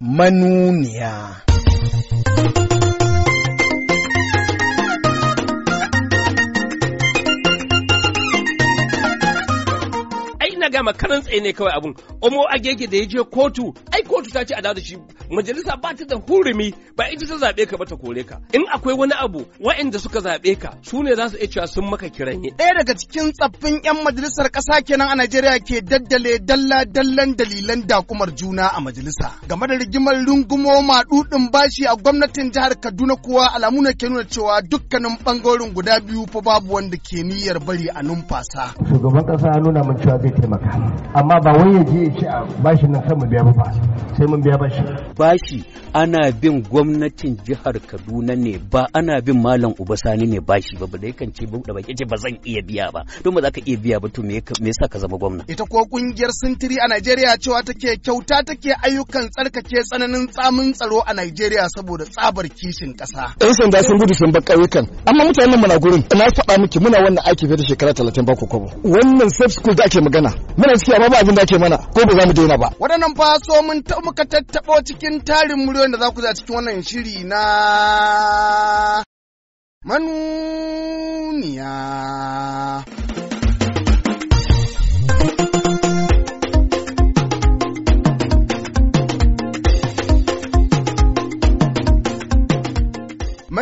manuniya. Ai na gama karan tsaye ne kawai abun, Omo Agege da ya je kotu kotu ta ce a da shi majalisa ba ta da hurumi ba ita ta zaɓe ka ba ta kore ka in akwai wani abu wa'inda suka zaɓe ka su ne za su iya cewa sun maka kiranye. Ɗaya daga cikin tsaffin 'yan majalisar ƙasa kenan a Najeriya ke daddale dalla-dallan dalilan dakumar juna a majalisa. Game da rigimar rungumo maɗuɗin bashi a gwamnatin jihar Kaduna kuwa alamu ne ke nuna cewa dukkanin ɓangarorin guda biyu fa babu wanda ke niyyar bari a numfasa. Shugaban ƙasa ya nuna min cewa zai taimaka amma ba wai ya je ya ci a bashi nan sama biya ba. sai mun biya bashi bashi ana bin gwamnatin jihar Kaduna ne ba ana bin malam Uba Sani ne bashi ba da yakan ce da baki ce ba zan iya biya ba don ba za ka iya biya ba to me yasa ka zama gwamna ita ko kungiyar sintiri a Najeriya cewa take kyauta take ayyukan tsarkake tsananin tsamin tsaro a Najeriya saboda tsabar kishin kasa san sanda sun gudu sun bar ƙauyukan amma mutanen mu na gurin na faɗa miki muna wannan aiki fiye da shekara talatin ba kwabo wannan safe school da ake magana muna ciki ba abin da ake mana ko ba za mu daina ba waɗannan fa so mun taɓa muka tattaɓo cikin tarin muryoyin da za ku za cikin wannan shiri na manuniya.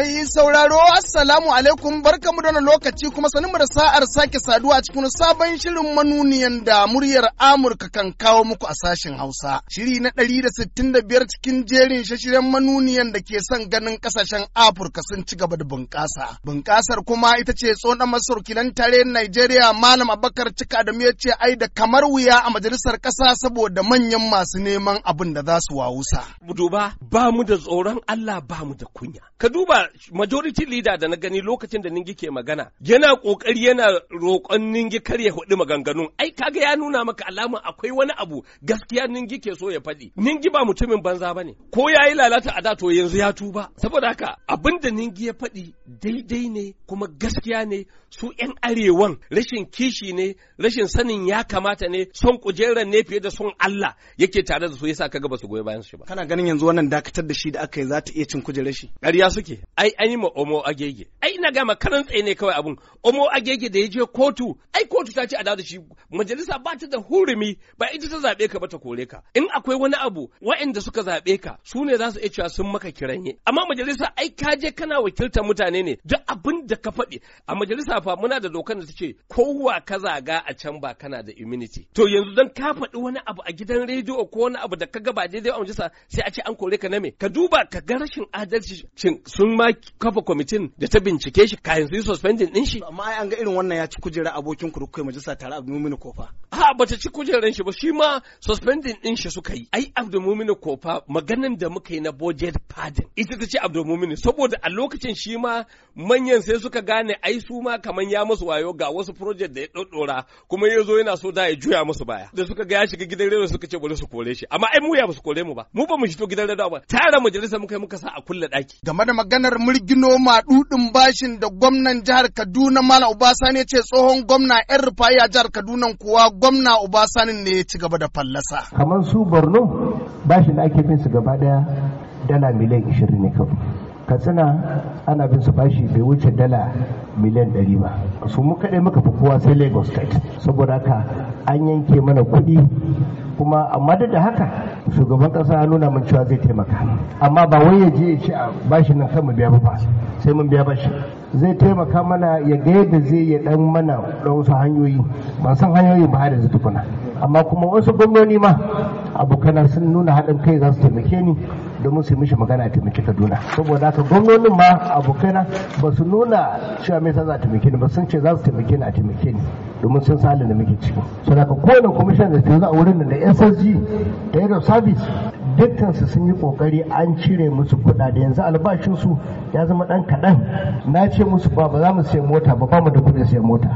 Mai sauraro Assalamu alaikum barkamu da lokaci kuma saninmu da sa'ar sake saduwa cikin sabon shirin manuniyan da muryar Amurka kan kawo muku a sashen Hausa. Shiri na ɗari da sittin da biyar cikin jerin shashiren manuniyan da ke son ganin kasashen Afirka sun ci gaba da bunƙasa. Bunƙasar kuma ita ce tsohon masaukilan tare Najeriya Malam Abakar Cika da ya ce ai da kamar wuya a majalisar ƙasa saboda manyan masu neman abin da za su wawusa. Duba ba mu da tsoron Allah ba mu da kunya. Ka duba majority leader da na gani lokacin da Ningi ke magana yana kokari yana roƙon Ningi kar ya faɗi maganganun ai kaga ya nuna maka alama akwai wani abu gaskiya Ningi ke so ya faɗi Ningi ba mutumin banza bane ko ya yi lalata a da to yanzu ya tuba saboda haka abin da Ningi ya faɗi daidai ne kuma gaskiya ne su yan arewan rashin kishi ne rashin sanin ya kamata ne son kujerar ne fiye da son Allah yake tare da su yasa kaga ba su goyi bayan shi ba kana ganin yanzu wannan dakatar da shi da aka yi za ta iya cin kujerar shi ƙarya suke ai an yi ma omo agege ina ga karan tsaye ne kawai abun omo agege da ya je kotu ai kotu ta ce a dawo da shi majalisa ba ta da hurumi ba ita ta zabe ka ba ta kore ka in akwai wani abu waɗanda suka zabe ka su ne za su iya cewa sun maka kiran kiranye amma majalisa ai ka je kana wakiltar mutane ne duk abin da ka faɗi a majalisa fa muna da dokar da ta ce kowa ka zaga a can ba kana da immunity to yanzu dan ka faɗi wani abu a gidan rediyo ko wani abu da ka ga ba daidai a majalisa sai a ce an kore ka na me ka duba ka ga rashin adalci sun ma kafa kwamitin da ta bincike shi kayan su yi suspending din shi amma an ga irin wannan ya ci kujera abokin ku majalisa tare a mini kofa ha bata ci kujeran shi ba shi ma suspending din shi suka yi ai abdulmumin kofa maganan da muka yi na budget pardon ita ta ce abdulmumin saboda a lokacin shi ma manyan sai suka gane ai su ma kaman ya musu wayo ga wasu project da ya dodora kuma ya yana so da ya juya musu baya da suka ga ya shiga gidan rediyo suka ce bari su kore shi amma ai mu ya su kore mu ba mu ba mu shito gidan rediyo ba tara majalisa muka yi muka sa a kulle daki game da maganar murgino ma dudin bashin da gwamnan jihar Kaduna Malam Obasa ne ce tsohon gwamna yan rufaya jihar Kaduna kuwa gwamna uba Obasanin ne ya ci gaba da fallasa. Kamar su Borno bashi da ake bin su gaba daya dala miliyan 20 ne kawai. Katsina ana bin su bashi bai wuce dala miliyan 100 ba. Su mu kaɗai muka fi kowa sai Lagos State. Saboda haka an yanke mana kuɗi kuma amma duk da haka shugaban kasa nuna min cewa zai taimaka amma ba wai ya je ya ce a bashi nan kan mu biya ba sai mun biya bashi zai taimaka mana ya ga yadda zai ya dan mana da wasu hanyoyi ba san hanyoyi ba da zutukuna amma kuma wasu gwamnoni ma abokana sun nuna haɗin kai za su taimake ni domin su mishi magana a taimaki kaduna saboda haka gwamnonin ma abokaina ba su nuna cewa me za a ni ba sun ce za su taimake ni a taimake ni domin sun sa halin da muke ciki saboda haka kowane kwamishinan da ke a wurin da ssg da head of service dukkansu sun yi kokari an cire musu da yanzu albashinsu ya zama dan kaɗan na ce musu ba ba za mu sayi mota ba ba mu da kuɗin sayan mota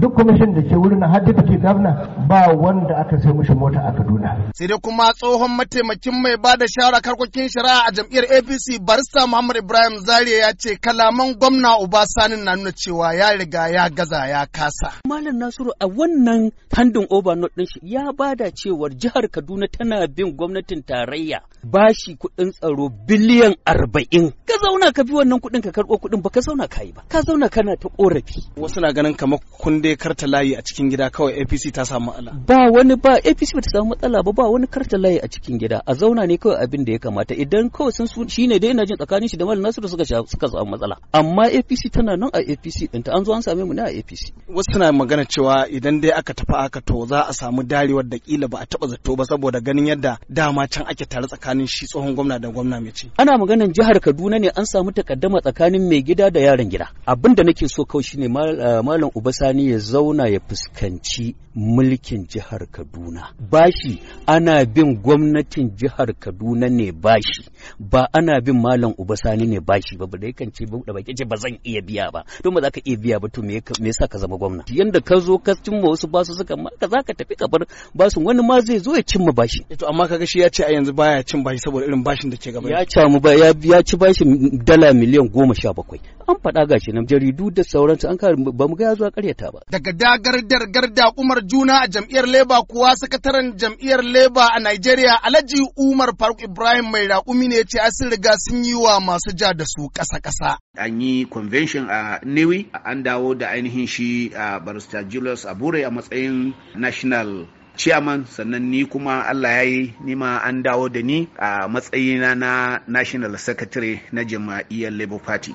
duk kwamishin da ke wurin har da ke gabna ba wanda aka sai mishi mota a Kaduna. Sai dai kuma tsohon mataimakin mai ba da shawara karkokin shari'a a jam'iyyar APC barista Muhammad Ibrahim Zariya ya ce kalaman gwamna Uba Sani na nuna cewa ya riga ya gaza ya kasa. Malam Nasiru a wannan handin overnote din shi ya ba da cewar jihar Kaduna tana bin gwamnatin tarayya bashi kuɗin tsaro biliyan arba'in. Ka zauna ka bi wannan kuɗin ka karɓo kuɗin ba ka zauna ka yi ba. Ka zauna kana ta ƙorafi. Wasu na ganin kamar kun da ya karta layi a cikin gida kawai APC ta samu matsala ba wani ba APC ba ta samu matsala ba ba wani karta layi a cikin gida a zauna ne kawai abin da ya kamata idan kawai sun su shine dai ina jin tsakanin shi da Malam Nasiru suka suka samu matsala amma APC tana nan a APC din ta an zo an same mu ne a APC wasu na magana cewa idan dai aka tafi aka to za a samu darewar da kila ba a taba zato ba saboda ganin yadda dama can ake tare tsakanin shi tsohon gwamna da gwamna mai ci ana maganan jihar Kaduna ne an samu takaddama tsakanin mai gida da yaron gida abin da nake so kawai shine eh, malam Ubasani ya zauna ya fuskanci mulkin jihar Kaduna. Bashi ana bin gwamnatin jihar Kaduna ne bashi ba ana bin Malam Ubasani ne bashi ba da yakan ce da baki ce ba zan iya biya ba don ba za ka iya biya ba to me yasa ka zama gwamna yanda ka zo ka cimma wasu basu suka ma ka za ka tafi ka bar basu wani ma zai zo ya cimma bashi. Eh to amma kaga shi ya ce a yanzu baya cin bashi saboda irin bashin da ke gaba. Ya ba ya ci bashi dala miliyan goma sha bakwai an faɗa gashi nan jaridu da sauransu an kare ba mu ga zuwa ƙaryata ba. Daga dagar garda da Umar Juna a jam'iyyar Leba kuwa sakataren jam'iyyar Leba a Najeriya Alhaji Umar Faruk Ibrahim mai raƙumi ne ce sun riga sun yi wa masu ja da su ƙasa-ƙasa. An yi convention a Newi an dawo da ainihin shi a Barista Julius Abure a matsayin national chairman sannan ni kuma Allah ya yi nima an dawo da ni a matsayina na national secretary na jama'iyyar labour party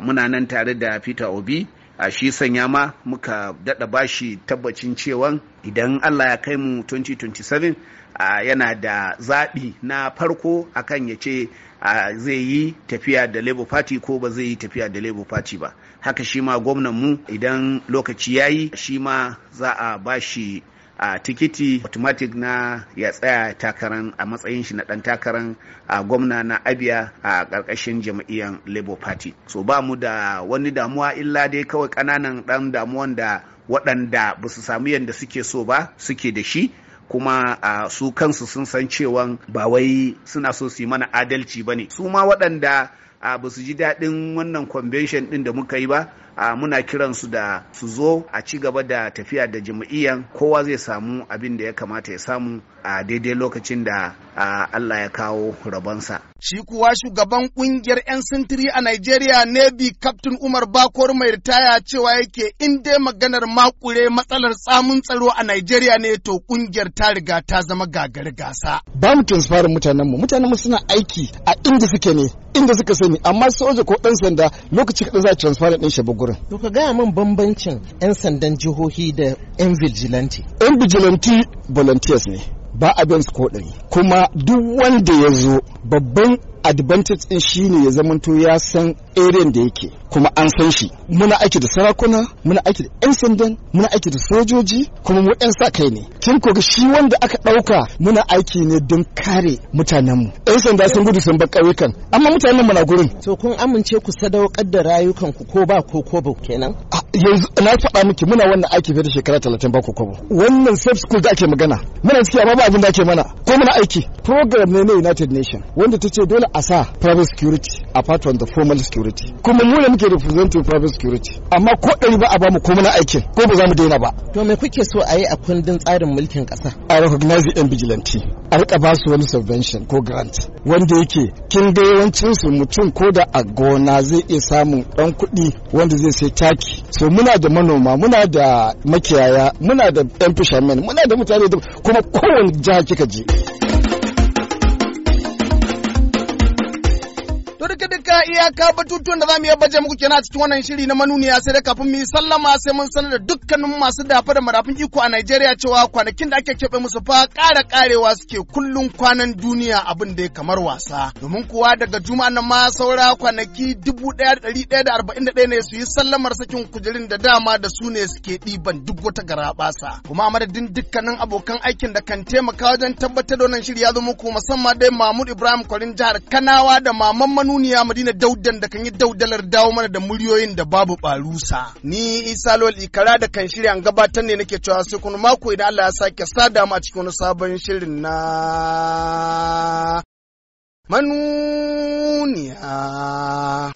muna nan tare da peter obi a shi sanya ma muka daɗa bashi tabbacin cewa idan allah ya kai mu 2027 yana da zaɓi na farko akan ya ce zai yi tafiya da labour party ko ba zai yi tafiya da labour party ba haka shi ma gwamnan mu idan lokaci ya yi shi ma za a bashi a tikiti automatic na ya tsaya takaran a matsayin shi na dan takaran a gwamna na abia a karkashin jam'iyyar labour party so ba mu da wani damuwa illa dai kawai kananan dan damuwan da waɗanda ba su samu yadda suke so ba suke da shi kuma uh, su kansu sun san cewa ba wai suna so su yi mana adalci ba ne su ma waɗanda a ba su ji daɗin wannan convention ɗin da muka yi ba a muna kiransu da su zo a ci gaba da tafiya da jami'iyan kowa zai samu abin da ya kamata ya samu a daidai lokacin da Allah ya kawo rabonsa. Shi kuwa shugaban kungiyar 'yan sintiri a Najeriya Navy Captain Umar Bakor mai ritaya cewa yake in dai maganar makure matsalar tsamun tsaro a Najeriya ne to kungiyar ta riga ta zama gagar gasa. Ba mu transparent mutanenmu mutanenmu suna aiki a inda suke ne inda suka sani amma soja ko dan sanda lokaci kaɗan za a transfer din shi bugurin to ka gaya min bambancin yan sandan jihohi da yan vigilante. yan vigilante volunteers ne ba abin su ko kuma duk wanda ya zo babban advantage din shine ya zamanto ya san area da yake kuma an san shi muna aiki da sarakuna muna aiki da yan sandan muna aiki da sojoji kuma mu yan sa kai ne kin ko shi wanda aka ɗauka muna aiki ne don kare mutanen mu yan sanda sun gudu sun bar ƙauyukan amma mutanen mu na gurin to kun amince ku sadaukar da rayukan ku ko ba ko ko ba kenan yanzu na faɗa miki muna wannan aiki fiye da shekara talatin ba ko ko wannan safe school da ake magana muna ciki amma ba abin da ake mana ko muna aiki program ne na United Nation wanda ta ce dole a sa private security apart from the formal security kuma mu ne muke representing private security amma ko ɗari ba a bamu ko na aikin ko ba za mu daina ba to me kuke so a yi a kundin tsarin mulkin ƙasa a recognize yan vigilante a rika ba su wani subvention ko grant wanda yake kin ga yawancin su mutum ko da a gona zai iya samun ɗan kuɗi wanda zai sai taki so muna da manoma muna da makiyaya muna da yan fishermen muna da mutane kuma kowane jiha kika je duka duka iyaka batutuwan da za mu iya baje muku kenan a cikin wannan shiri na manuniya sai da kafin mu yi sallama sai mun sanar da dukkanin masu dafa da marafin iko a Najeriya cewa kwanakin da ake keɓe musu fa ƙara ƙarewa suke kullun kwanan duniya abin da ya kamar wasa. Domin kuwa daga juma'a nan ma saura kwanaki dubu ɗaya da ɗari ɗaya da arba'in da ɗaya ne su yi sallamar sakin kujerin da dama da su ne suke ɗiban duk wata garaɓasa. Kuma a madadin dukkanin abokan aikin da kan taimaka wajen tabbatar da wannan shiri ya zo muku musamman dai Mahmud Ibrahim Kwarin jihar Kanawa da Maman Manuni manuniya madina daudan da kan yi daudalar dawo mana da muryoyin da babu barusa ni isa lol ikara da kan shirya an gabatar ne nake cewa sai kuma mako idan Allah ya sake sada mu a cikin wani sabon shirin na manuniya